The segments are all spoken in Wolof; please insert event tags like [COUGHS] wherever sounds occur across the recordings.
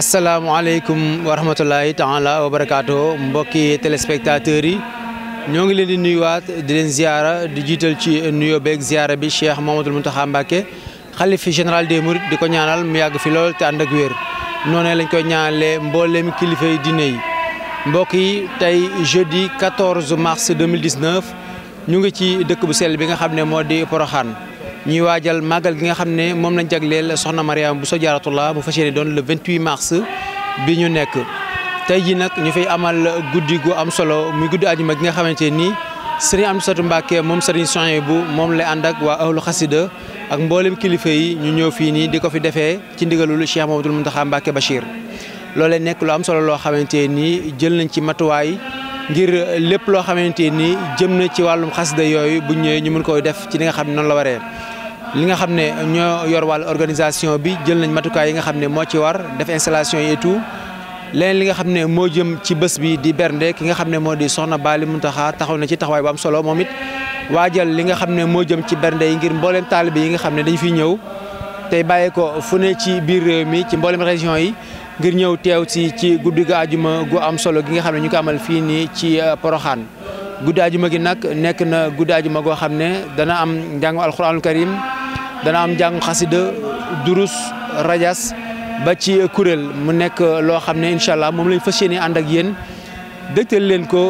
asalaamaaleykum wa rahmatulahi taala wa barakaatu mbokki téléspectateurs yi ñoo ngi leen di nuyuwaat di leen ziara di jiital ci nuyoo beeg ziara bi Cheikh Mamadou Mountakha Mbacké xalifi général des Mourides di ko ñaanal mu yàgg fi lool te ànd ak wér noonu lañ koy ñaanalee mbooleem kilifa yi diine yi mbokk yi tey jeudi 14 mars 2019 ñu ngi ci dëkk bu sell bi nga xam ne moo di Porokhane ñuy waajal màggal gi nga xam ne moom lañ jagleel soxna Mariama Bousso Diarratullah mu fas yéene doon le 28 mars bi ñu nekk. tey jii nag ñu fay amal guddi gu am solo muy guddi àjjuma gi nga xamante ni sëriñ am Satu Mbàkke moom sëriñ bu moom lay ànd ak waa ahlu xasida ak mboolem kilifa yi ñu ñëw fii nii di ko fi defee ci ndigalul Cheikh Mamadou Mountakha Mbàkke Bachir. loolee nekk lu am solo loo xamante nii jël nañ ci matuwaay ngir lépp loo xamante ni jëm na ci wàllum xasida yooyu bu ñëwee ñu mën koy def ci li nga xam ne la waree. li nga xam ne ñoo yor wàllu organisation bi jël nañ matukaay yi nga xam ne moo ci war def installation yi et tout li nga xam ne moo jëm ci bës bi di bernde ki nga xam ne moo di soxna baal Baali Muntaxa taxaw na ci taxawaay bu am solo moom it waajal li nga xam ne moo jëm ci bernde yi ngir mbooleem taalibe yi nga xam ne dañu fiy ñëw tey bàyyi ko fu ne ci biir réew mi ci mbooleem région yi ngir ñëw teew si ci guddi ga ajuma gu am solo gi nga xam ne ñu ko amal fii nii ci euh, Poroxaan guddi ajuma gi nag nekk na guddi ajuma goo xam ne dana am njàngu alxuraanul karim dana am jàngu xasida durus rajas ba ci kuréel mu nekk loo xam ne incha allah moom lañ fas yéene ànd ak yéen dëgtal leen ko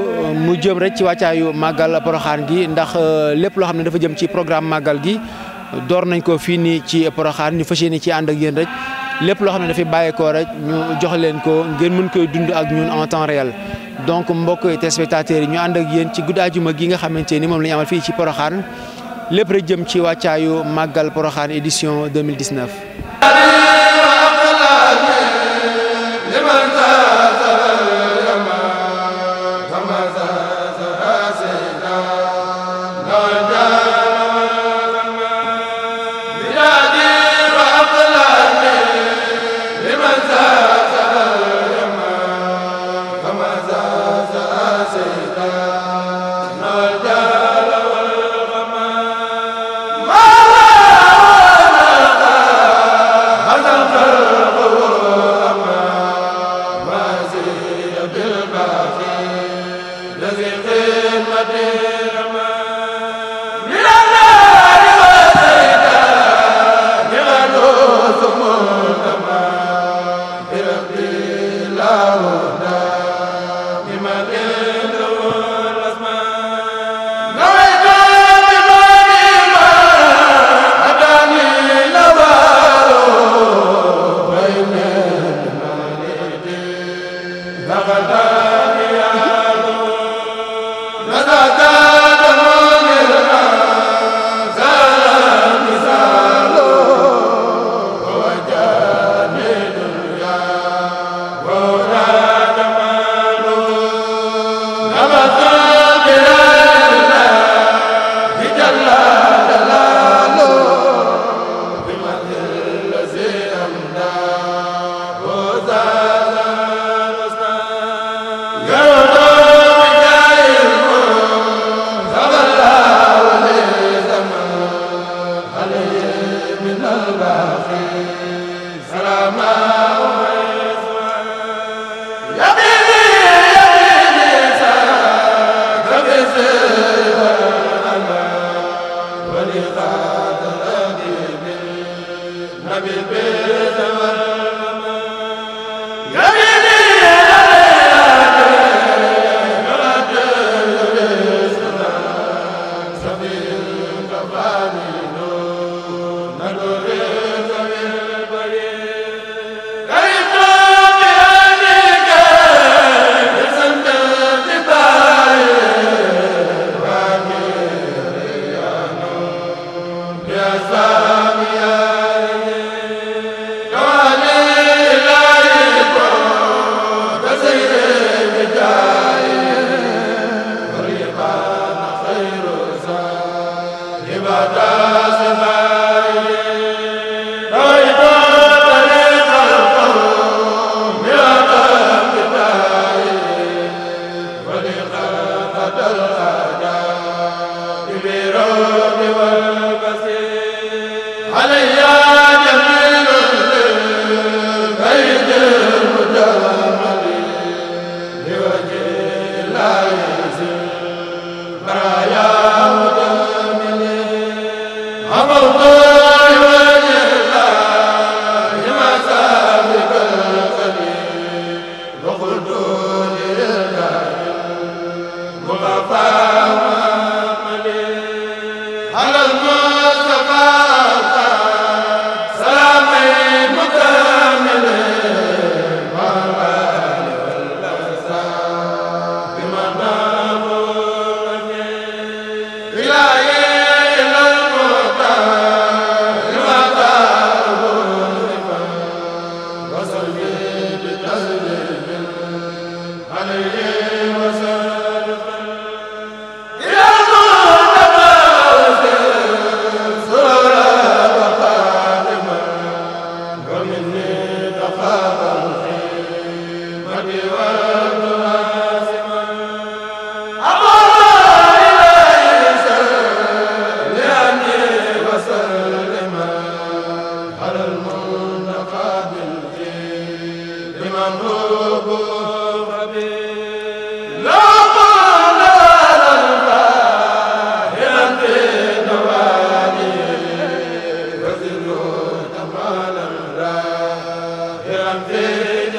mu jëm rek ci wàccaayu màggal poroxaan gi ndax euh, lép loo xam ne dafa jëm ci programme màggal gi door nañ ko fii nii ci poroxaan ñu fas yéene ci ànd ak yéen rek lépp loo xam ne dafay bàyyeekoo rek ñu jox leen ko ngeen mën koy dund ak ñun en temps réel. donc mbokk te téléspectateurs yi ñu ànd ak yéen ci guddi àjjuma gi nga xamante ni moom la ñu amal fii ci poroxaan lépp rek jëm ci wàccaayu màggal Porokhane édition 2019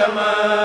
jama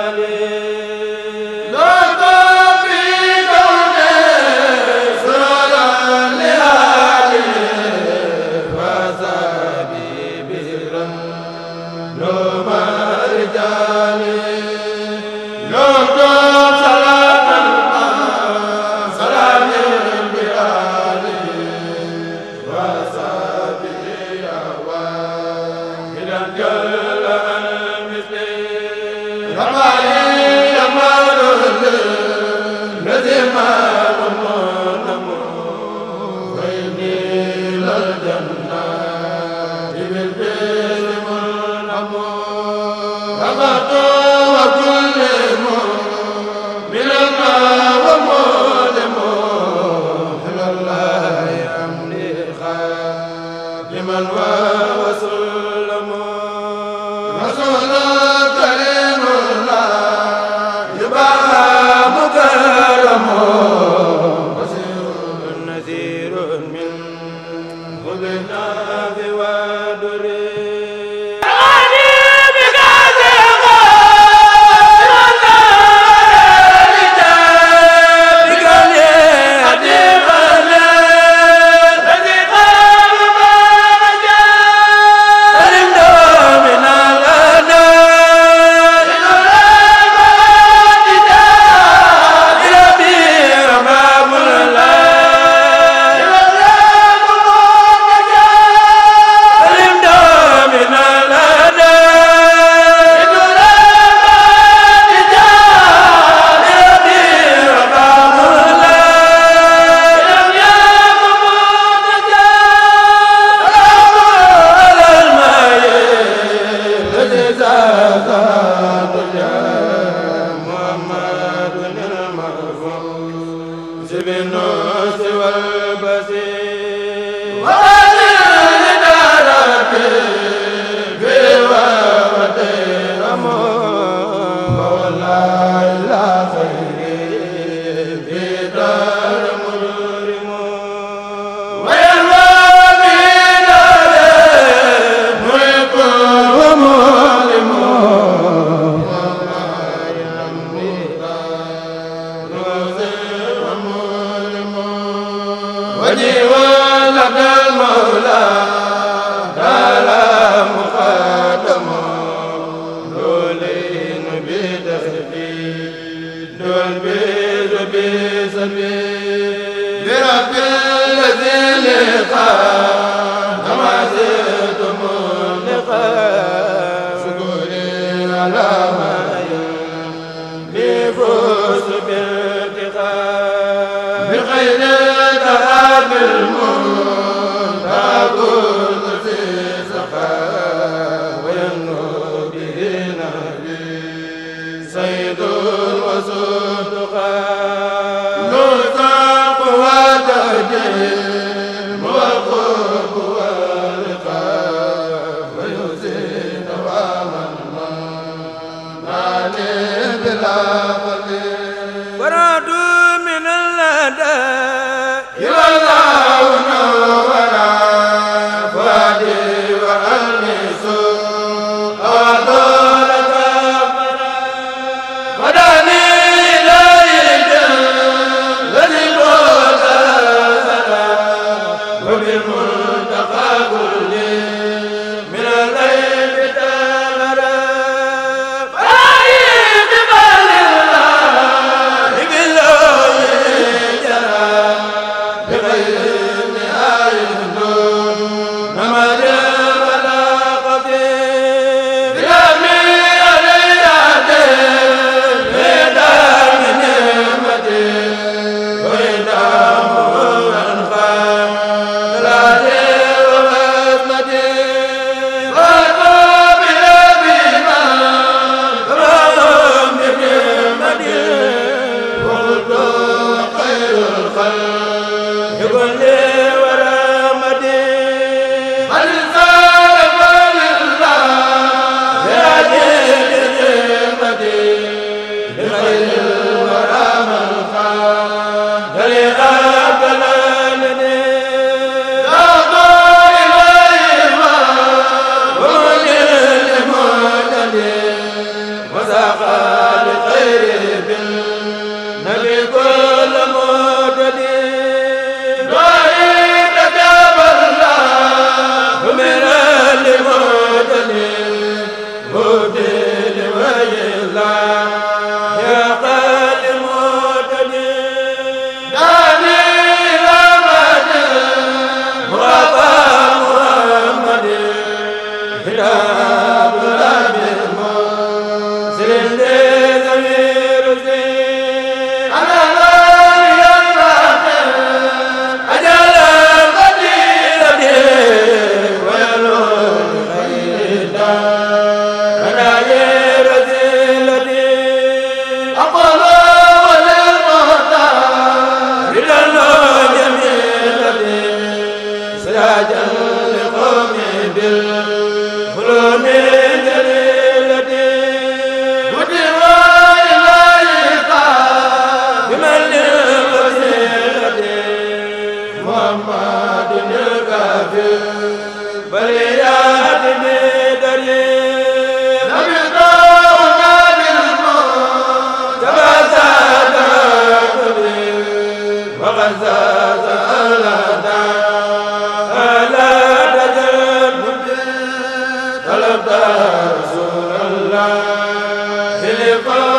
رسول الله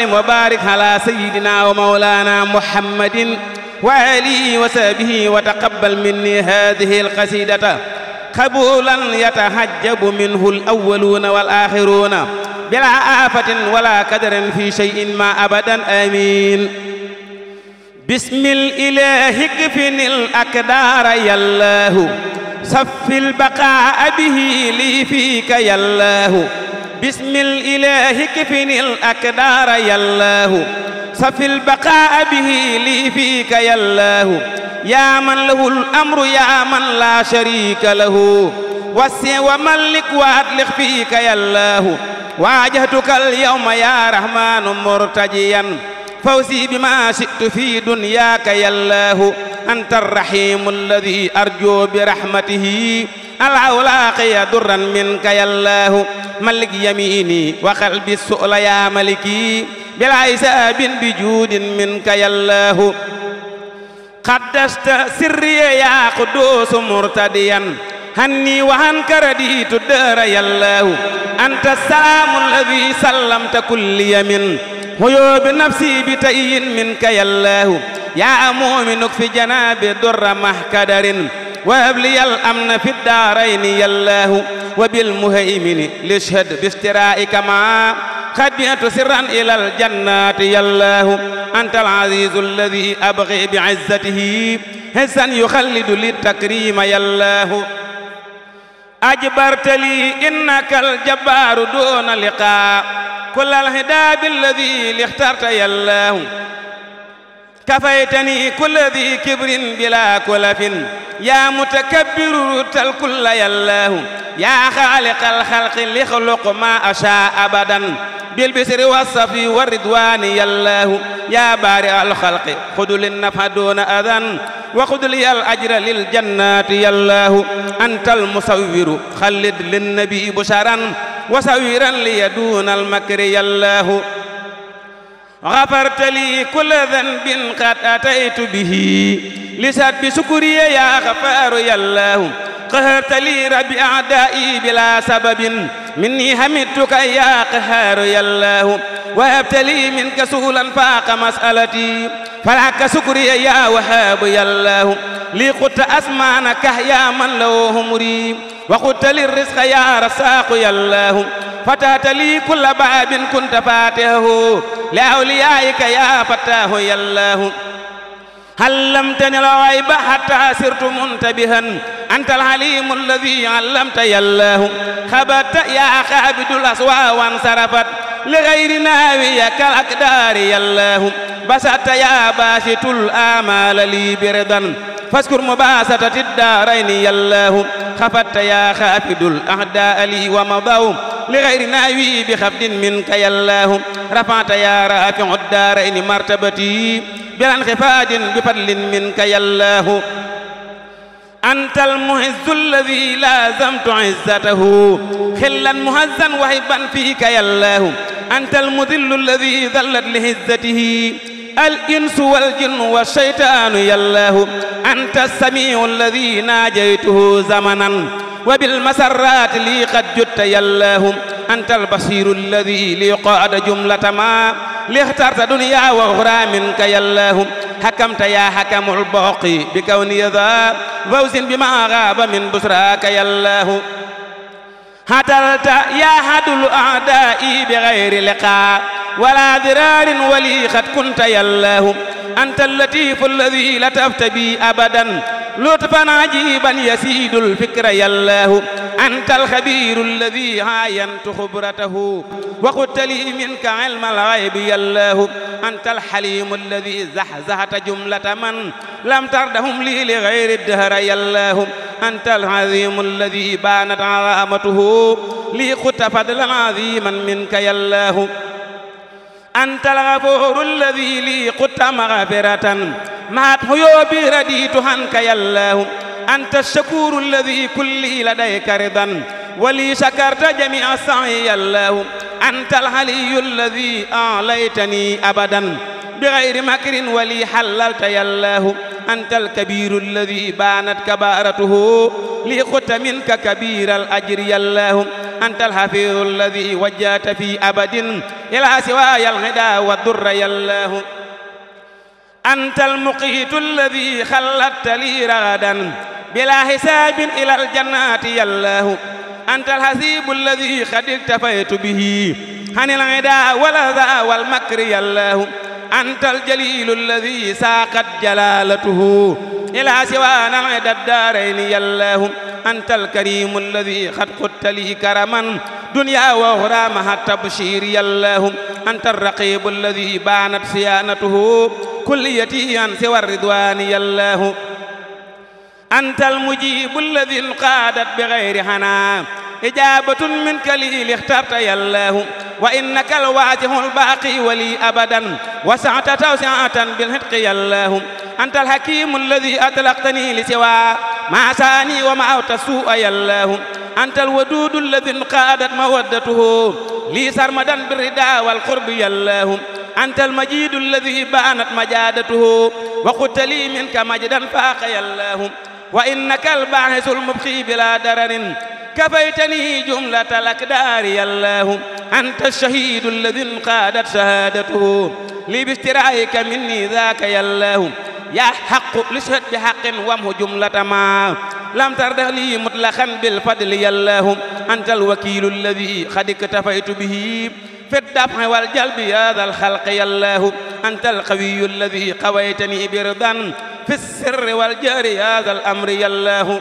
وسلم وبارك على سيدنا ومولانا محمد وآله وصحبه وتقبل مني هذه القصيدة قبولا يتحجب منه الأولون والآخرون بلا آفة ولا كدر في شيء ما أبدا آمين بسم الإله اكفني الأكدار يا الله صف البقاء به لي فيك يا الله بسم الإله كفني الأكدار يا الله صف البقاء به لي فيك يا الله يا من له الأمر يا من لا شريك له وسع وملك وأطلق فيك يا الله واجهتك اليوم يا رحمن مرتجيا فوزي بما شئت في دنياك يا الله أنت الرحيم الذي أرجو برحمته العولاق يا درا منك يا الله ملك يميني وقلبي السؤل يا ملكي بلا حساب بجود منك يا الله قدست سري يا قدوس مرتديا هني وعنك رديت الدار يا الله أنت السلام الذي سلمت كل يمن هيوب نفسي بتئي منك يا الله يا مؤمن في جناب در محكدر wahab li yal am na fi daarayni yallaahu wa bil muhaymini lishhad bistiraa'ika maa xadiyatu sirran ilal jannaati yallaahu anta al-aziizu allazii abghi bi izzatihi hissan yuxallidu li takriima yallaahu ajbarta lii innaka al-jabbaaru duuna liqaa kullal hidaa billazii lixtarta yallaahu كفيتني كل ذي كبر بلا كلف يا متكبر الكل يا الله يا خالق الخلق لخلق ما أشاء أبدا بالبسر والصفي والرضوان يا الله يا بارئ الخلق خذ للنفع دون أذى وخذ لي الأجر للجنات يا الله أنت المصور خلد للنبي بشرا وصويرا لي دون المكر يا الله غفرت لي كل ذنب قد أتيت به لسات بشكري يا غفار يا الله قهرت لي ربي أعدائي بلا سبب مني همدتك يا قهار يا الله وهبت لي منك سهلا فاق مسألتي فلعك سكري يا وهاب يا الله لي قلت أسمانك يا من له همري وقلت للرزق يا رساق يا الله فتحت لي كل باب كنت فاتحه لأوليائك يا فتاه يا الله علمتني الغيب حتى صرت منتبها أنت العليم الذي علمت يا الله خبت يا خابد الأسواء وانصرفت لغير ناوية كالأقدار يا الله بسط يا باسط الآمال لي بردا faskur mubaasatati daarayni yallaahu xafatta yaa xaafidul ahdaa li wa madaw li xayri naawi bi xafdin minka yallaahu rafanta yaa raafiu daarayni martabati bilan xifaadin bi fadlin minka yallaahu anta almuhizzu alladi laazamtu izzatahu xillan muhazzan wa hibban fiika yallaahu anta almudillu alladi dallat li izzatihi الإنس والجن والشيطان يا الله أنت السميع الذي ناجيته زمنا وبالمسرات لي قد جدت يا الله أنت البصير الذي لي قاد جملة ما لي اخترت دنيا وأخرى منك يا الله حكمت يا حكم الباقي بكوني ذا فوز بما غاب من بشراك يا الله هدلت يا هدل أعدائي بغير لقاء ولا ذرار ولي قد كنت يا الله أنت اللطيف الذي لا تفتبي أبدا لطفا عجيبا يسيد الفكر يا الله أنت الخبير الذي عاينت خبرته وقلت لي منك علم الغيب يا الله أنت الحليم الذي زحزحت جملة من لم تردهم لي لغير الدهر يا الله أنت العظيم الذي بانت عظامته لي خت فضلا عظيما منك يا الله أنت الغفور الذي لي قدت مغفرة مات حيوبي رديت عنك يا الله anta shakuru alladi kulli ladayka ridan wali shakarta jami a sa'i allahu anta alhaliyu alladi alaytani abadan bi gayri makrin wali halalta yallahu anta alkabiru alladi banat kabaratuhu li xuta minka kabira al ajri yallahu anta alhafidu alladi wajjata fi abadin ila siwaya alghida wa durra yallahu anta almuqitu alladi xallatta li ragadan bila xisaabin ilal jannaati yallaahu antal xasiibu alladi xad iktafaytu bihi xanil ida wala za wal makri yallaahu antal jaliilu alladi saaqat jalaalatuhu ila siwaanal ida daarayni yallaahu antal kariimu alladi xad xuttali karaman duniya wa uxraa maha tabshiiri yallaahu antal raqiibu alladi baanat siyaanatuhu kulliyati an siwa ridwaani yallaahu antal mujibu alladi qaadat bi gayri xanaa ijaabatun min kalil ixtarta yallaahu wa innaka alwaajihul baaqi wali abadan wasaata tawsiatan bil xitqi yallaahu antal hakimu alladi atlaqtani li siwa ma saani wa ma awta suu'a yallaahu antal waduudu alladi qaadat mawaddatuhu li sarmadan birida wal qurbi yallaahu antal majiidu alladi baanat majaadatuhu wa qulta li minka majdan faaqa yallaahu wa innaka albaaxisul mubxi bila dararin kafaytani jumlatal akdaari yallaahu anta shahiidu alladin qaadat shahaadatuhu li bistiraayika minni daaka yallaahu yaa xaqu lishat bi xaqin wamhu jumlata maa lam tarda lii mutlaqan bil fadli yallaahu anta alwakiilu alladi xad iktafaytu bihi في الدفع والجلب يا ذا الخلق يا الله أنت القوي الذي قويتني برضا في السر والجار يا ذا الأمر يا الله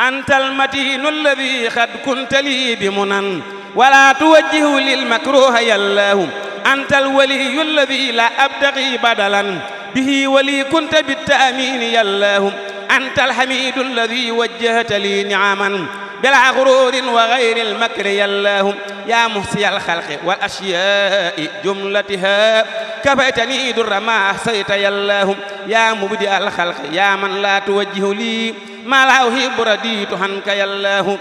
أنت المتين الذي قد كنت لي بمنن ولا توجه للمكروه يا الله أنت الولي الذي لا أبتغي بدلا به ولي كنت بالتأمين يا الله أنت الحميد الذي وجهت لي نعما بلا غرور وغير المكر يا الله يا محصي الخلق والأشياء جملتها كفيتني در ما أحصيت يا الله يا مبدئ الخلق يا من لا توجه لي ما لا أحب رديت عنك يا الله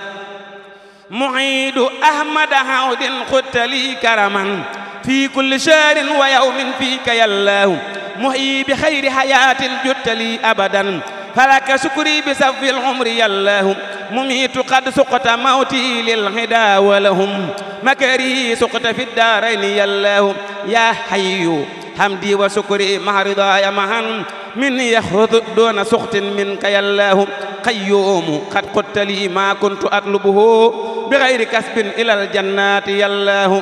معيد أحمد عود خدت لي كرما في كل شهر ويوم فيك يا الله محيي بخير حياة جدت لي أبدا فلك شكري بسف العمر يالله مميت قد سقط موتي للهدى ولهم مكري سقط في الدارين يالله يا حي حمدي وشكري مع رضاي معا من يخرج دون سخط منك يالله قيوم قد قلت لي ما كنت أطلبه بغير كسب إلى الجنات يالله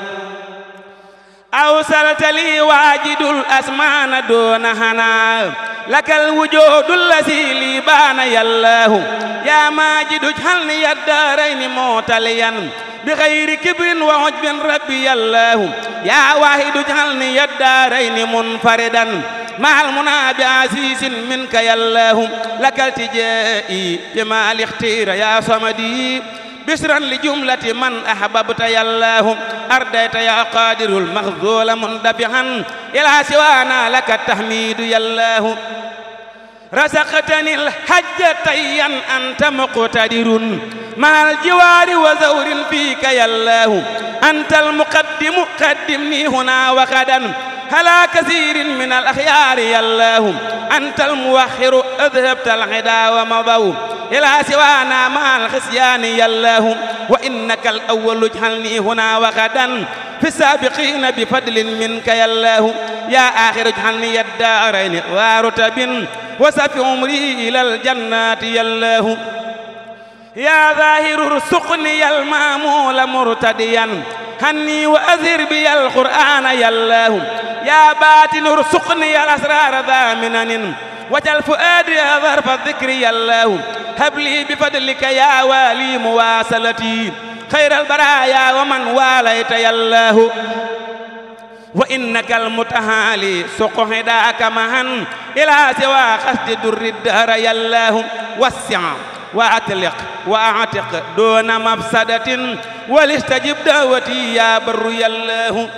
أوصلت لي واجد الأسمان دون هنا لك الوجود الذي لي بان يا الله يا ماجد اجعلني الدارين موتليا بغير كبر وعجب ربي الله يا واحد اجعلني الدارين منفردا مع المنى بعزيز منك يا الله لك التجائي بما اختير يا صمدي بشرا لجملة من أحببت يا الله أرديت يا قادر المخذول مندبحا إلى سوانا لك التحميد يا الله رزقتني الحج طيا أنت مقتدر مع الجوار وزور فيك يا الله أنت المقدم قدمني هنا وغدا ala kasiirin min al axyaari yallaahu antal muwaxiru adhabtal xidaa wa madaw ilaa siwaana ma al xisyaani yallaahu wa innaka al awwalu ij'alnii huna wa gadan fi saabiqiina bi fadlin minka yallaahu yaa aaxiru ij'alnii yaddaarayni wa rutabin wa safi umri ilal jannaati yallaahu يا ظاهر ارزقني المامول مرتديا هني وأزر بي القرآن يا الله يا باطن ارزقني الأسرار ذامنا وجل فؤادي ظرف الذكر يا الله هب لي بفضلك يا والي مواصلتي خير البرايا ومن واليت يا الله وإنك المتهالي سق هداك مهن إلى سوى خسد در الدهر يا الله وسع وأطلق وأعتق دون مفسدة ولستجب دعوتي يا بر يا الله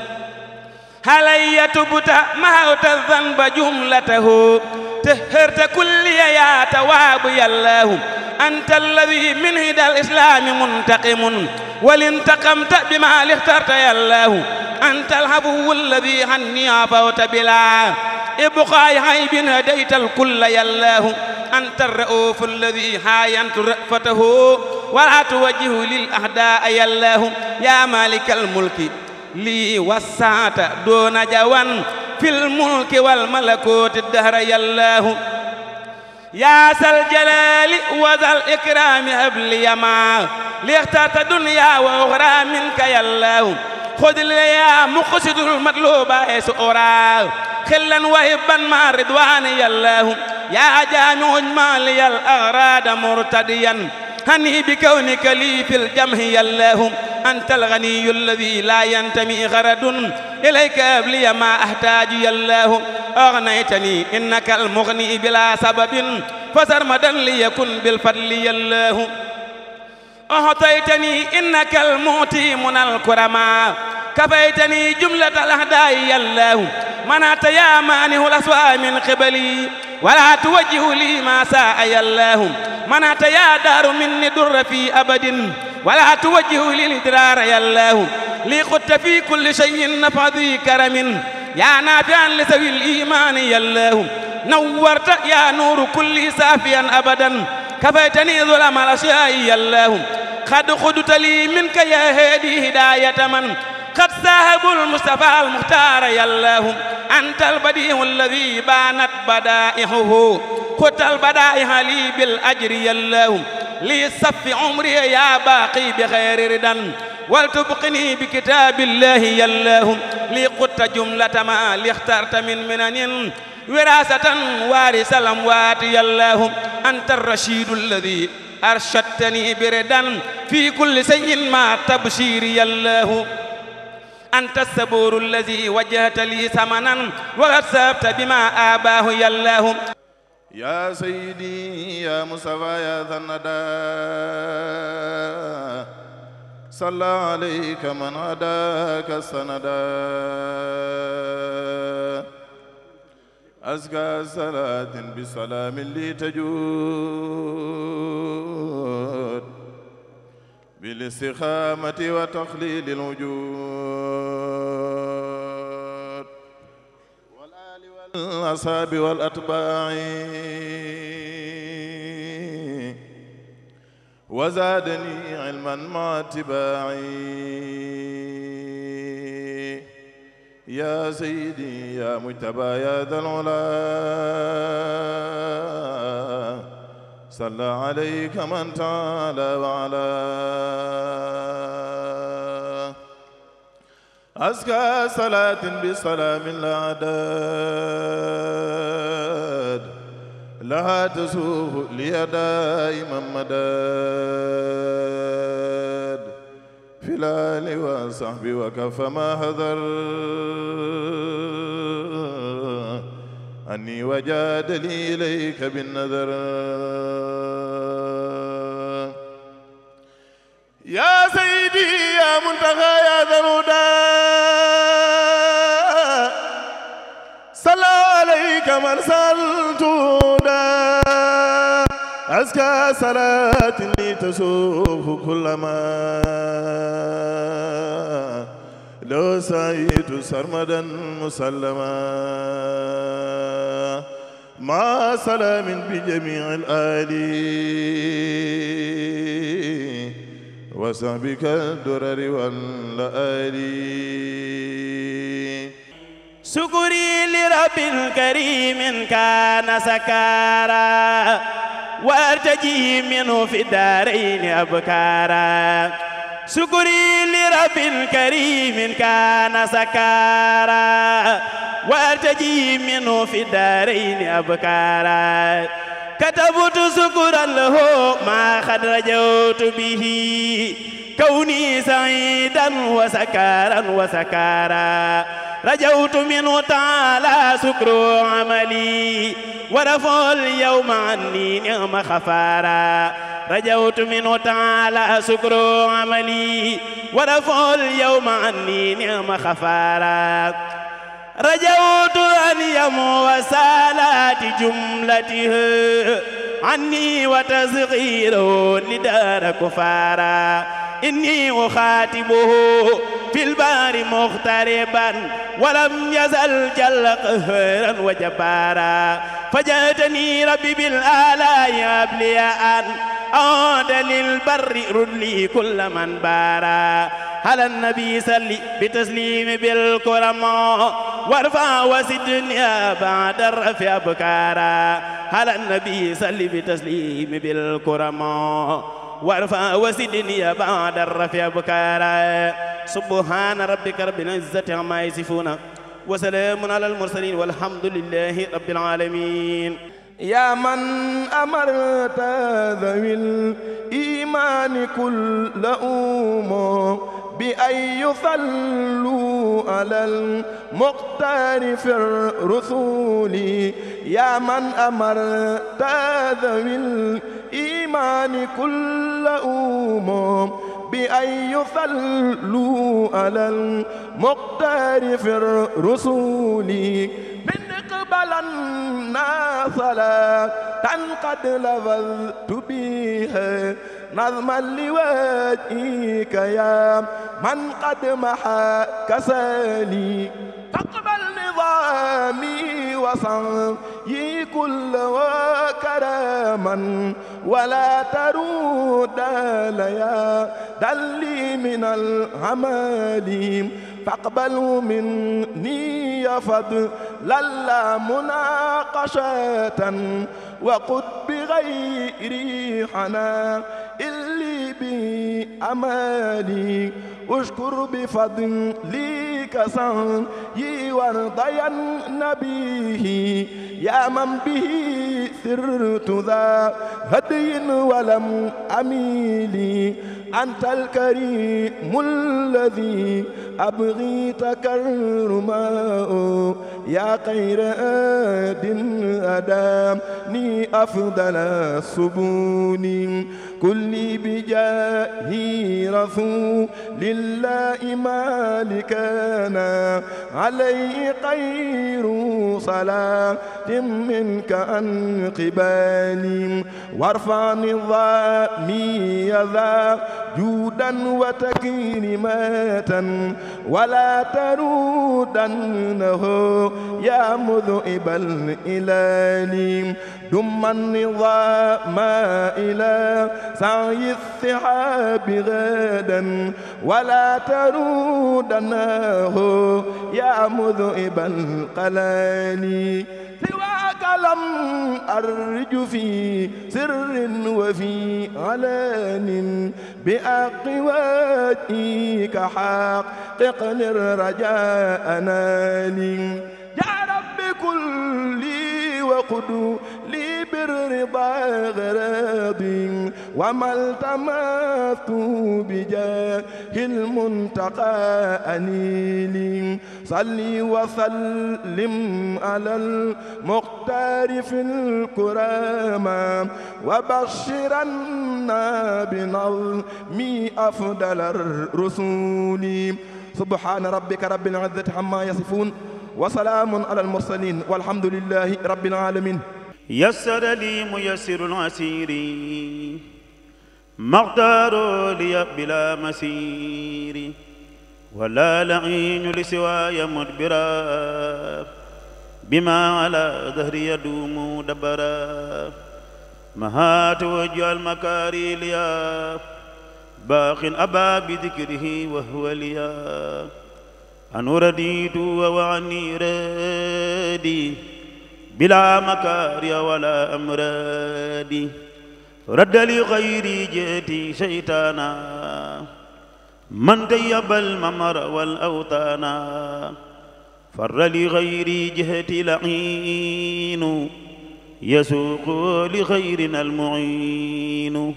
هلي تبت مهوت الذنب جملته تهرت كل يا تواب يا الله أنت الذي من هدى الإسلام منتقم ولانتقمت بما اخترت يا الله أنت العفو الذي عني عفوت بلا إبقاء عيب هديت الكل يا الله أنت الرؤوف الذي هاينت رأفته ولا توجه للأعداء يا الله يا مالك الملك lii wasaata doona jawan fil mulki wal malakooti dahra yallaahu yaa sal jalaali wa zal ikraami habli yamaa li ixtaarta dunyaa wa uxraa minka yallaahu xud liyaa muqsidul matluuba e su uraa xillan wa hibban maa ridwaani yallaahu yaa jaamiu maali al agraada murtadiyan xanii bi kawnika lii fi ljamhi yallaahu anta alganiyu alladi laa yantami xaradun ilayka abliya maa ahtaaju yallaahu agnaytani innaka almugni bila sababin fasarmadan liyakun bilfadli yallaahu أعطيتني إنك المعطي من الكرماء كفيتني جملة الأهداء يا الله منعت يا مانه الأسوأ من قبلي ولا توجه لي ما ساء يا الله منعت يا دار مني در في أبد ولا توجه لي الإدرار يا الله لي قدت في كل شيء نفذي كرم yaa naafi'an li zawil iimaani yallaahu nawwarta yaa nuuru kulli saafiyan abadan kafaytani zulama al-ashiyaa'i yallaahu qad qudta minka yaa haadi hidaayata man قد ساهبوا المصطفى المختار يلاهم أنت البديع الذي بانت بدائحه خت البدائح لي بالأجر يلاهم لي صف عمري يا باقي بغير ردن ولتبقني بكتاب الله يلاهم لي قدت جملة ما لي اخترت من منن وراثة وارث الأموات يلاهم أنت الرشيد الذي أرشدتني بردا في كل سي ما تبشير يلاهم أنت الصبور الذي وجهت لي ثمنا وأصبت بما آباه يا الله يا سيدي يا مصطفى يا ذا الندى صلى عليك من هداك السندى أزكى صلاة بسلام لي تجود بالاستقامة وتقليل الوجود والآل والأصحاب والأتباع وزادني علما مع اتباعي يا سيدي يا مجتبى يا ذا العلا صلى عليك من تعالى وعلى أزكى صلاة بسلام الأعداد لها تسوه لي دائما مداد في الآل وصحبي وكف ما هذر أني وجادني إليك بالنذر يا سيدي يا منتهى يا ذرودا صلى عليك من سلتودا أزكى صلاة لتسوف كل ما لو سعيت سرمدا مسلما مع سلام بجميع الآل وصحبك الدرر والآل شكري لرب كريم كان سكارا وارتجي منه في الدارين أبكارا شكري لرب كريم كان سكارا وارتجي منه في الدارين أبكارا كتبت شكرا له ما قد رجوت به كوني سعيدا وسكارا وسكارا رجوت منه تعالى سكر عملي ورفع اليوم عني نعم خفارا رجوت منه تعالى سكر عملي ورفع اليوم عني نعم خفارا رجوت أن يمو وسالات جملته عني وتصغيره لدار كفارا إني أخاتبه في البار مغتربا ولم يزل جل قهرا وجبارا فجاتني ربي بالآلاء أبلياء عاد للبر ردلي كل من بارا على النبي صلي بتسليم بالكرم وارفع وسدني بعد الرفع بكارا على النبي صل بتسليم بالكرم وارفع وسدني بعد الرفع بكارا سبحان ربك رب العزة عما يصفون وسلام على المرسلين والحمد لله رب العالمين يا من أمرت ذوي الإيمان كل أمور بأن يصلوا على المختار في الرسول يا من أمرت ذوي الإيمان كل أمم بأن يصلوا على المختار في الرسول من قبل الناس لا قد لفظت بها نظما لوجهك يا من قد محى كسالي تقبل نظامي وصي كل وكراما ولا ترود ليا دلي من العمال فاقبلوا مني يا فضل لا مناقشة وقد بغيري حنا اللي بي أمالي أشكر بفضلي كسن وارضيا نبيه يا من به سرت ذا هدي ولم أميلي أنت الكريم الذي أبغي تكرمه yaa xayra aadin adaam ni afdala subuni كلي بجاهي رسول الله مالكنا عليه خير صلاة منك عن قبالي وارفع نظامي ذا جودا وتكريماتا ولا ترودنه يا مذئب الإلال دم النظام إلى سعي الثحاب غدا ولا ترودناه يا مذئب القلال سواك لم أرج في سر وفي علان بأقواتك حقق رجاءنا لي يا رب كل وقدو لي بالرضا غرابي وما التمست بجاه المنتقى أنيل صلي وسلم على المختار في الكرامة وبشرنا بنظم أفضل الرسول سبحان ربك رب العزة عما يصفون wa salaamun ala almursalin walhamdulillahi rabbil alamin yassara li muyassiru lasiri maxtaaru li bila masiri wala lainu li siwaaya mudbira bima ala dahri yaduumu dabara mahaatu wajju almakaari liya baaxin aba bi dikrihi wa huwa liya أن رديت ووعني رادي بلا مكاري ولا أمرادي رد لغيري جيتي شيطانا من تيب الممر والأوطانا فر لغيري جهتي لعين يسوق لخيرنا المعين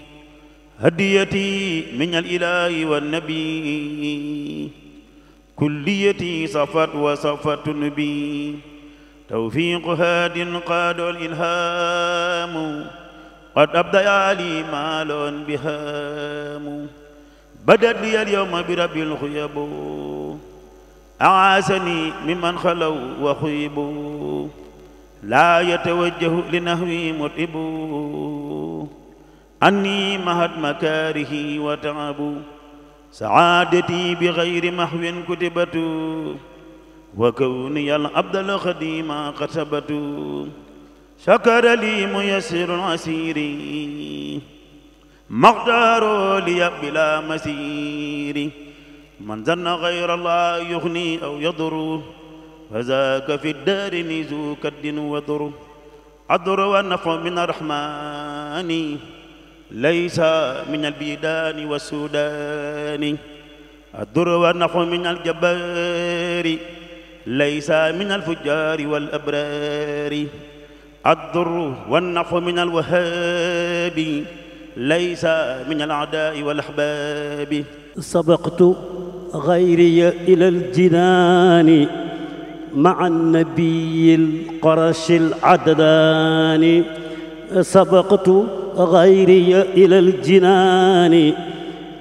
هديتي من الإله والنبي كليتي صفت وصفت بي توفيق هاد قاد الإلهام قد أبدى لي مال بهام بدت لي اليوم برب الخيب أعاسني ممن خلوا وخيبوا لا يتوجه لنهوي متئب أني مهد مكاره وتعبوا saadati bi xayri mahwin kutibatu wa kawni yal abdal xadima xatabatu shakara li muyassirul asiri maxtaaro liya bila masiri man zanna xayra llah yuxni aw yaduru fa zaaka fi daarini zu kaddin wa duru adru wa nafu min arrahmani ليس من البيدان والسودان الدر والنحو من الجبار ليس من الفجار والأبرار الضر والنحو من الوهاب ليس من الأعداء والأحباب سبقت غيري إلى الجنان مع النبي القرش العدنان سبقت غيري إلى الجنان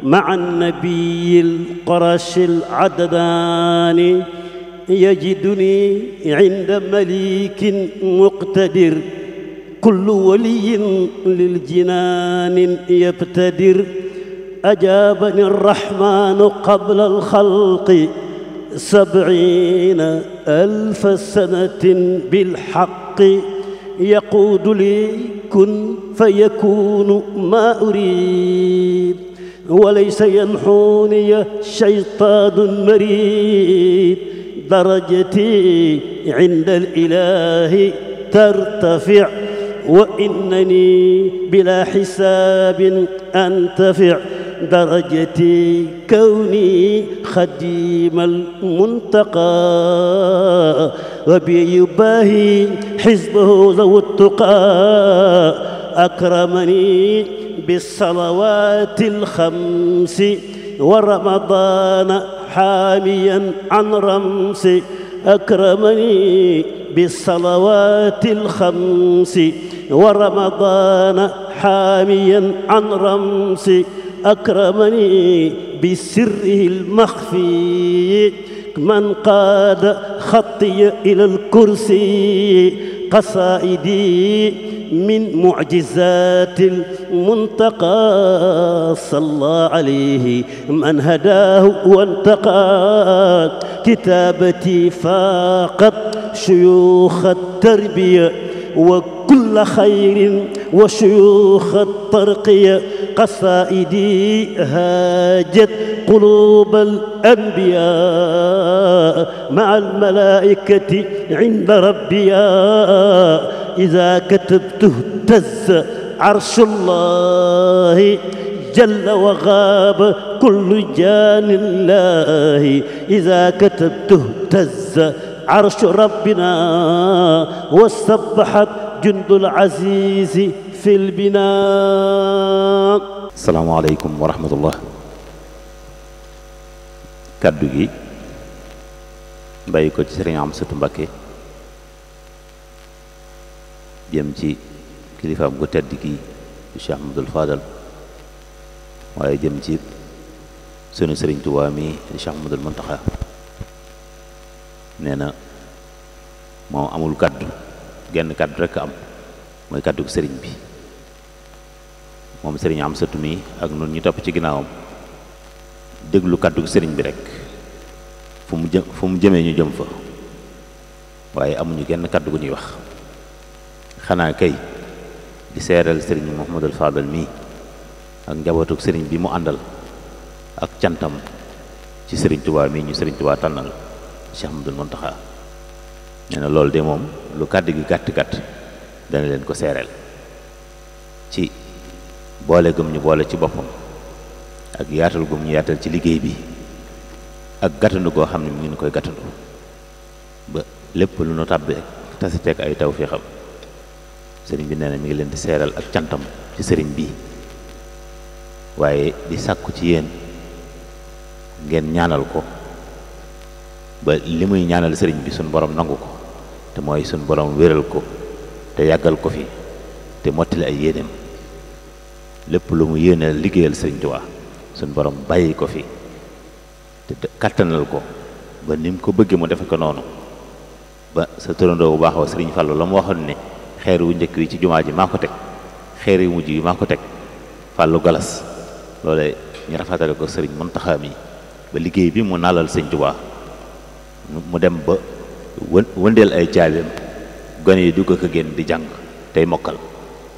مع النبي القرش العددان يجدني عند مليك مقتدر كل ولي للجنان يبتدر أجابني الرحمن قبل الخلق سبعين ألف سنة بالحق يقود لي كن فيكون ما أريد وليس ينحوني شيطان مريد درجتي عند الإله ترتفع وإنني بلا حساب أنتفع درجتي كوني خديم المنتقى وبي يباهي حزبه ذو التقى أكرمني بالصلوات الخمس ورمضان حاميا عن رمس أكرمني بالصلوات الخمس ورمضان حاميا عن رمس أكرمني بسره المخفي من قاد خطي إلى الكرسي قصائدي من معجزات المنتقى صلى عليه من هداه وانتقى كتابتي فاقت شيوخ التربية وكل كل خير وشيوخ الترقية قصائدي هاجت قلوب الأنبياء مع الملائكة عند ربيا إذا كتبت اهتز عرش الله جل وغاب كل جان الله إذا كتبت اهتز عرش ربنا وسبحت جند العزيز في البناء salaamaaleykum wa rahmatullah kàddu gi bàyyi ko ci sëriñ Amsatu Mbakke jëm ci kilifaam gu tedd gi Cheikh Ahmadul Fadal waaye jëm ci sunu sëriñ Tuubaa mi Cheikh Ahmadul Muntaxa nee na amul kàddu genn kàddu rekk am mooy kàddug sëriñ bi moom sëriñ am sëtu mi ak nun ñu topp ci ginnaawam déglu kàddug sëriñ bi rekk fu mu jë fu mu jëmee ñu jëm fa waaye amuñu genn kàddu gu ñuy wax xanaa kay di seeral sëriñ Mouhamadul Fadal mii ak njabootug sëriñ bi mu àndal ak cantam ci sëriñ Tuubaa mii ñu sëriñ Tuubaa tànnal Cheikh Ahmadul Muntaxa nee na loolu de moom lu kàdd gi gàtt-gàtt dana leen ko seereel ci boole gëm ñu boole ci boppam ak yaatal gum ñu yaatal ci liggéey bi ak gàttandu goo xam ne mu ngi koy gàttandu ba lépp lu nu tàbbi ak tasiteek ay taw fii sëriñ bi nee na mi ngi leen di seeral ak cantam ci sëriñ bi waaye di sàkku ci yéen ngeen ñaanal ko ba li muy ñaanal sëriñ bi suñ borom nangu ko te mooy suñu borom wéral ko te yàggal ko fi te mottali ay yéeneem lépp lu mu yéene liggéeyal Sëriñ Tuubaa suñu borom bàyyi ko fi te kàttanal ko ba ni mu ko bëggee mu defe ko noonu ba sa turandoo bu baax wa Sëriñ Fallu la mu waxoon ne xeer wu njëkk wi ci jumaa ji maa ko teg xeer yu mujj yi maa ko teg fàllu Galas loole ñu rafetale ko Sëriñ Muntaxa mi ba liggéey bi mu naalal Sëriñ Tuubaa mu dem ba wëndeel ay caabeem gone yi dugg ko génn di jàng tey mokkal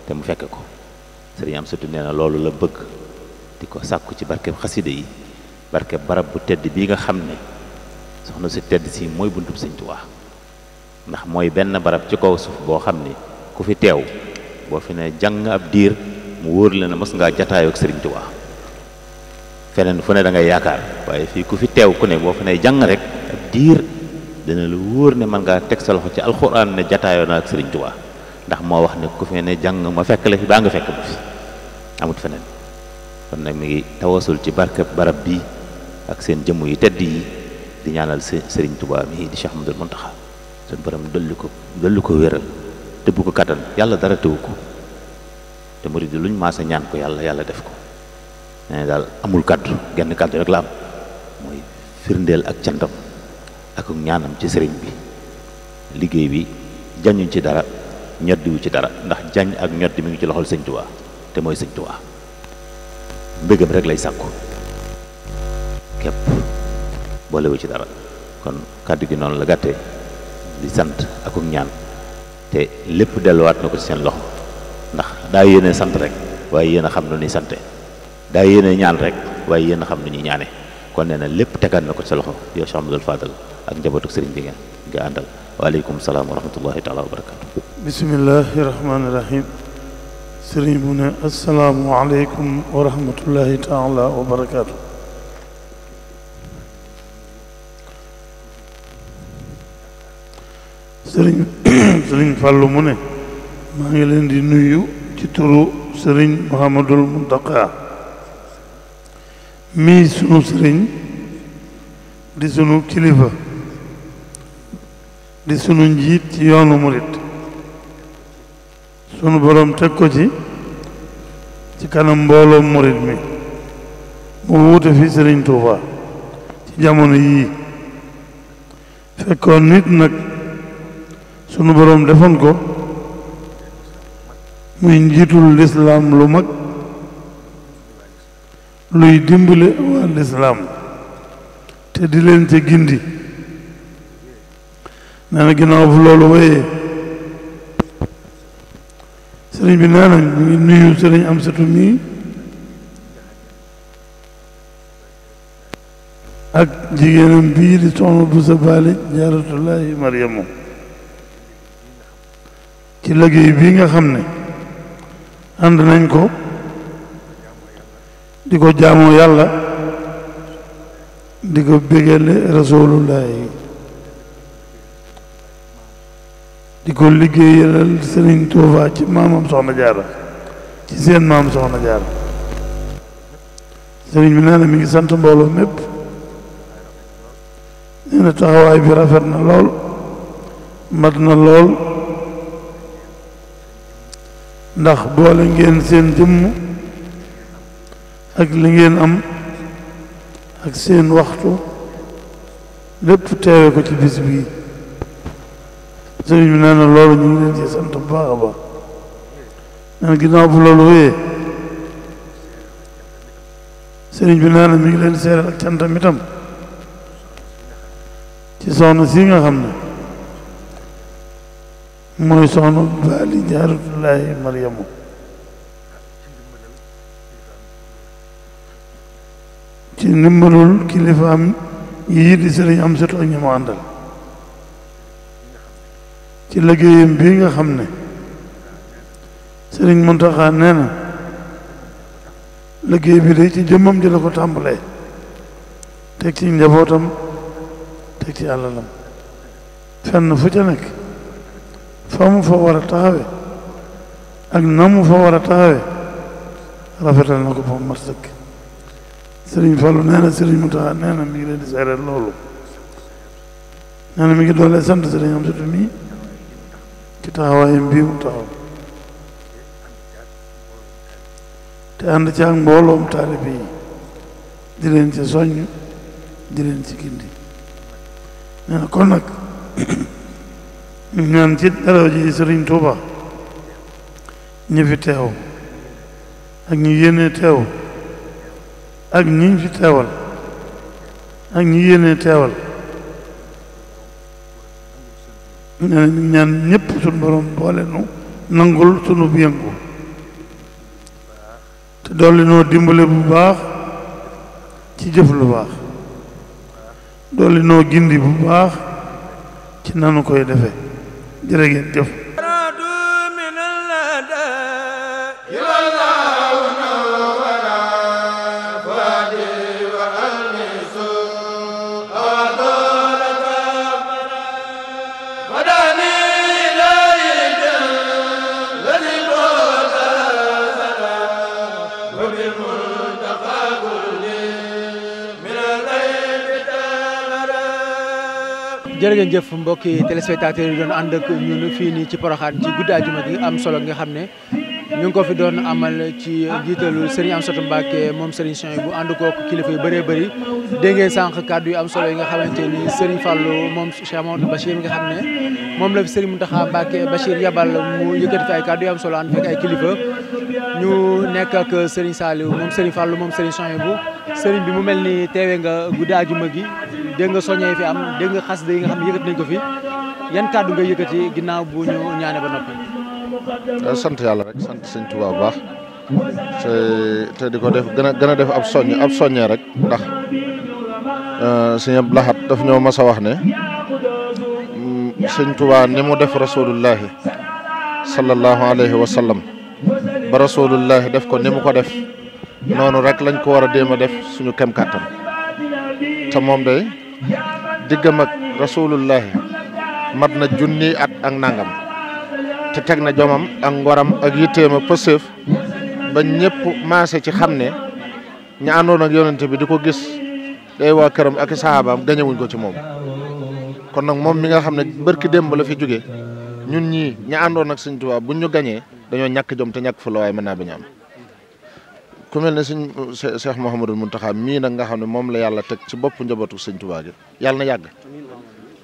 te mu fekk ko sëriñ am sëtu na loolu la bëgg di ko sàkku ci barkeb xasida yi barkeb barab bu tedd bii nga xam ne soxna si tedd si mooy buntub sëñ Tuubaa ndax mooy benn barab ci kaw suuf boo xam ni ku fi teew boo fi ne jàng ab diir mu wóor la ne mos ngaa jataayoo ak sëriñ Tuubaa feneen fu ne da yaakaar waaye fii ku fi teew ku ne boo fi ne jàng rek ab diir dina lu wóor ne mën ngaa teg sa loxo ci alxuraan ne jataayoo na ak Serigne Touba ndax moo wax ne ku fe jàng ma fekk la fi baa nga fekk ma nag mi ngi tawasul ci barke barab bi ak seen jëmm yu tedd yi di ñaanal Serigne Touba mii di Cheikh Ahmadou Mountakha suñu borom dolli ko dolli ko wéral te bu ko kattan yàlla dara tewu ko te murid luñ maasa ñaan ko yàlla yàlla def ko nee daal amul kaddu genn kaddu rek la am mooy firndeel ak cantam ak ñaanam ci sëriñ bi liggéey bi jañuñ ci dara ñoddiwu ci dara ndax jañ ak ñoddi mi ngi ci loxol sëñ Tuubaa te mooy sëñ Tuubaa mbégam rek lay sàkku képp boolewu ci dara kon kàddu gi noonu la gàtte di sant akuk ñaan te lépp delluwaat na ko ci seen loxo ndax daa yéene sant rek waaye yéen a xam lu ñuy sante daa yéene ñaan rek waaye yéen a xam lu ñuy ñaane kon nee na lépp tegaat na ko sa loxo yow Cheikh Amadou Fadal ak njabootu sëriñ bi nga nga àndal waaleykum salaam wa rahmatullahi taala wa barakatu bismillahi rahmaani rahim sëriñ bu ne asalaamu aleykum wa rahmatullahi taala wa barakatu sëriñ [COUGHS] sëriñ Fàllu mu ne maa ngi leen di nuyu ci turu sëriñ Muhammadul Muntaqa mii sunu sëriñ di sunu kilifa di sunu njiit ci yoonu morit sunu boroom teg ko ci ci kanam mbooloo murit mi mu wuute fi sëriñ Tuuba ci jamono yii fekkoon nit nag sunu boroom defoon ko muy njiitul lislaam lu mag luy dimbale waa lislaam te di leen ci gindi nee na ginnaaw bu loolu wéyee sëriñ bi nee na nuyu sëriñ am satu mii ak jigéenam biir di soxna bu sa baale jaaratullahi mariamu ci liggéey bii nga xam ne ànd nañ ko di ko jaamoo yàlla di ko bégale rasulullahi di ko liggéeyalal Sëriñ Tuuba ci maamam Soxna Jaara ci seen maam Soxna Jaara sëriñ bi nee mi ngi sant mbooloo mépp nee na taxawaay bi rafet na lool mat na lool ndax boole ngeen seen jëmm ak li ngeen am ak seen waxtu lépp teewe ko ci bis bii bi nee na loolu ñu ci sant baax a baax nee na ginnaaw bu loolu wéyee sëriñ bi nee na mi ngi leen seeral ak cantam ci soxna si nga xam ne mooy soxna Baali Jaaratullaahi Maryamu ci ndimbalul kilifaam yii di sëriñ am sëtu ak ñi mu ci liggéeyam bii nga xam ne sëriñ Muntaxa nee na liggéey bi de ci jëmmam ji ko tàmbalee teg ci njabootam teg ci àllalam fenn fu ca nekk fa mu fa war a taxawe ak na mu fa war a taxawe rafetal na ko ba mat sëkk Serigne Fallou nee na Serigne Moutakha nee na mi ngi leen di seereel loolu nee na mi ngi doole sant Serigne am surtout mi ci taxawaayam bii mu taxaw te ànd ci ak mbooloom taalibe yi di leen ci soññ di leen ci gindi nee kon nag ñaan ci daraw ji Serigne Touba ñi fi teew ak ñu yéene teew ak ñi fi teewal ak ñi yéene teewal ñaan ñaan ñëpp suñu borom sunu yëngu te dolli noo dimbale bu baax ci jëf lu baax dolli noo gindi bu baax ci nanu koy defe jërë ngeen jëf jërë ngeen jëf mbokki téléspectateurs yi doon ànd ak ñun fii nii ci Porokhane ci guddi àjjuma gi am solo nga xam ne ñu ngi ko fi doon amal ci jiitalu Serigne Amsatou moom Serigne Cheikh bu ànd kook kilifa yu bëree bëri dégg ngeen sànq kàddu yu am solo yi nga xamante ni Serigne Fallou moom Cheikh Mamadou Bachir nga xam ne moom la fi Serigne Mountakha Mbacké Bachir yabal mu yëkkati fi am solo ànd ay kilifa ñu nekk ak Serigne Saliou moom Serigne Fallou moom Serigne Cheikh bu Serigne bi mu mel ni teewee nga guddi àjjuma gi dégg nga soññee fi am dégg nga xas yi nga xam yëkkat nañ ko fi yan kàddu nga yëkkati ginnaaw bu ñu ñaane ba noppi. Euh, sant yàlla rek sant sëñ Tuubaa bu baax te di ko def gën a def ab soññ ab soññee rek ndax euh, sëñ Abdou Lahad daf ñoo masa wax ne mm, sëñ tubaa ni mu def rasulullahi sallallahu alayhi wa sallam ba rasulullahi def ko ni mu ko def noonu rek lañ ko war a déem a def suñu kem kàttan te day diggam ak rasulullahi mat na junni at ak nangam te teg na jomam ak ngoram ak yitteem a pësëf ba ñëpp maase ci xam ne ña àndoon ak bi di ko gis day waa këram ak sahabaam gañewuñ ko ci moom kon nag moom mi nga xam ne bërki démb la fi jóge ñun ñii ña àndoon ak Sëñ Tuubaa buñ ñu gañee dañoo ñàkk jom te ñàkk fu la waaye mën naa bi ñu am ku mel ne sëñ Cheikh mun Mountakha mii nag nga xam ne moom la yàlla teg ci bopp njabootu sëñ Tuubaa gi yàlla na yàgg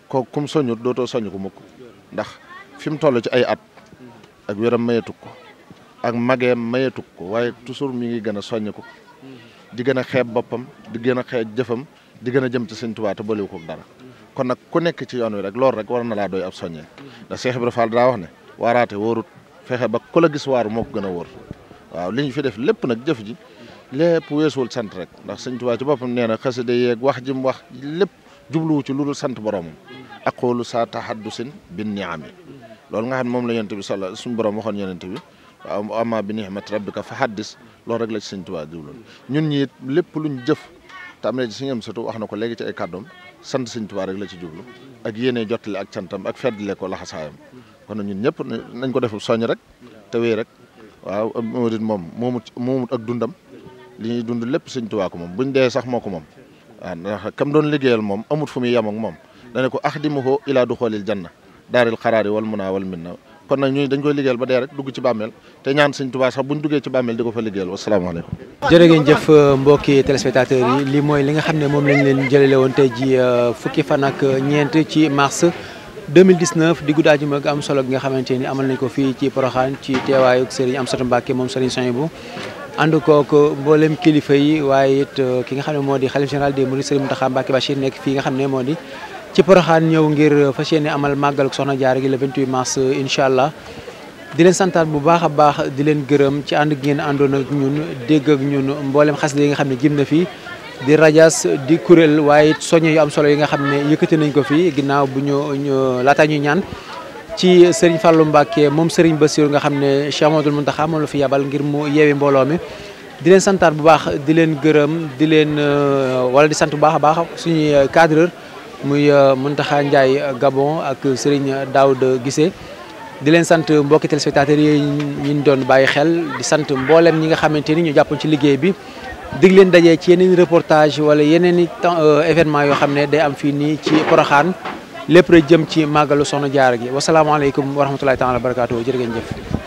kooku kum soñut dootoo soñu ko mukk ndax fi mu toll ci ay at ak wéram mayetuk ko ak mageem mayetuk ko waaye toujours mi ngi gën a soññ ko di gën a xeeb boppam di gën a xeeb jëfam di gën a jëm ci sëñ Tuubaa te bolewu ko dara kon nag ku nekk ci yoon wi rek loolu rek war na laa dooy ab soññee ndax bi Ibrahima Fall daa wax ne waaraate wóorut fexe ba ku la gis waaru moo ko gën a wóor waaw li ñu fi def lépp nag jëf ji lépp weesuwul sant rek ndax sëñ Tuubaa ci boppam nee na xasida yeeg wax ji mu wax lépp jubluwu ci lu dul sant boromam aqulu saa tahaddusin bin niami loolu nga xam ne moom la yonent bi sala suñu borom waxoon yonent bi waaw amma bi nihmat rabbika fa haddis loolu rek la ci sëñ Tuubaa jublu ñun ñiit lépp lu ñu jëf te am na ci sëñam satu wax na ko léegi ci ay kàddoom sant sëñ Tuubaa rek la ci jublu ak yéene jottali ak santam ak fedd feddle ko laxasaayam kon ñun ñëpp nañ ko deful soñ rek te wéy rek waaw ab murit moom moomut moomut ak dundam li ñuy dund lépp sëñ Tuubaa ko moom buñ dee sax moo ko moom waaw ndax kam doon liggéeyal moom amut fu muy yem ak moom dane ko axdimuhu ilaa du xoolil janna daaril xaraari wal munaa wal na kon nag ñun dañ koy liggéeyal ba dee rek dugg ci bàmmeel te ñaan sëñ Tuubaa sax buñ duggee ci bàmmeel di ko fa liggéeyal wasalaamaaleykum jërë ngeen jëf mbokki téléspectateurs yi li mooy li nga xam ne moom lañ leen jëlale woon tey ji euh, fukki fan euh, ñeent ci mars 2019 diggu daajuma ga am solo bi nga xamante ni amal nañ ko fii ci Porokhane ci teewaayu Serigne Amsatou Mbacké moom Serigne Souhaïbou ànd kook mbooleem kilifa yi waaye it euh, ki nga xam ne moo di xalif général des mourides Serigne Mountakha Mbacké Bachir nekk fii nga xam ne moo di ci Porokhane ñëw ngir fas yéene amal màggal soxna Jaara gi le 28 mars euh, incha allah di leen santaat bu baax a baax di leen gërëm ci ànd gi ngeen àndoon ak ñun dégg ak ñun mboolem xas yi nga xam ne jëm na fii di rajas di kuréel waaye it yu am solo yi nga xam ne yëkkati nañ ko fii ginnaaw bu ñu ñu laataa ñuy ñaan ci Serigne Fallou Mbacke moom Serigne Bassirou nga xam ne Cheikh Amadou Mountakha moom la fi yabal ngir mu yeewi mbooloo mi di leen santaar bu baax di leen gërëm di leen euh, wala di sant bu baax a baax suñuy euh, cadreur muy euh, Mountakha Ndiaye Gabon ak sëriñ Serigne Daouda Guissé di leen sant mbokki téléspectateurs yi ñu doon bàyyi xel di sant mboolem ñi nga xamante ni ñu jàpp ci liggéey bi digg leen dajee ci yeneen reportage wala yeneen i euh, événement yoo xam ne day am fii nii ci Porokhane lépp rek jëm ci màggalu Soxna jaar gi wasalaamaaleykum wa rahmatulahi taala wa barakaatu jërë ngeen jëf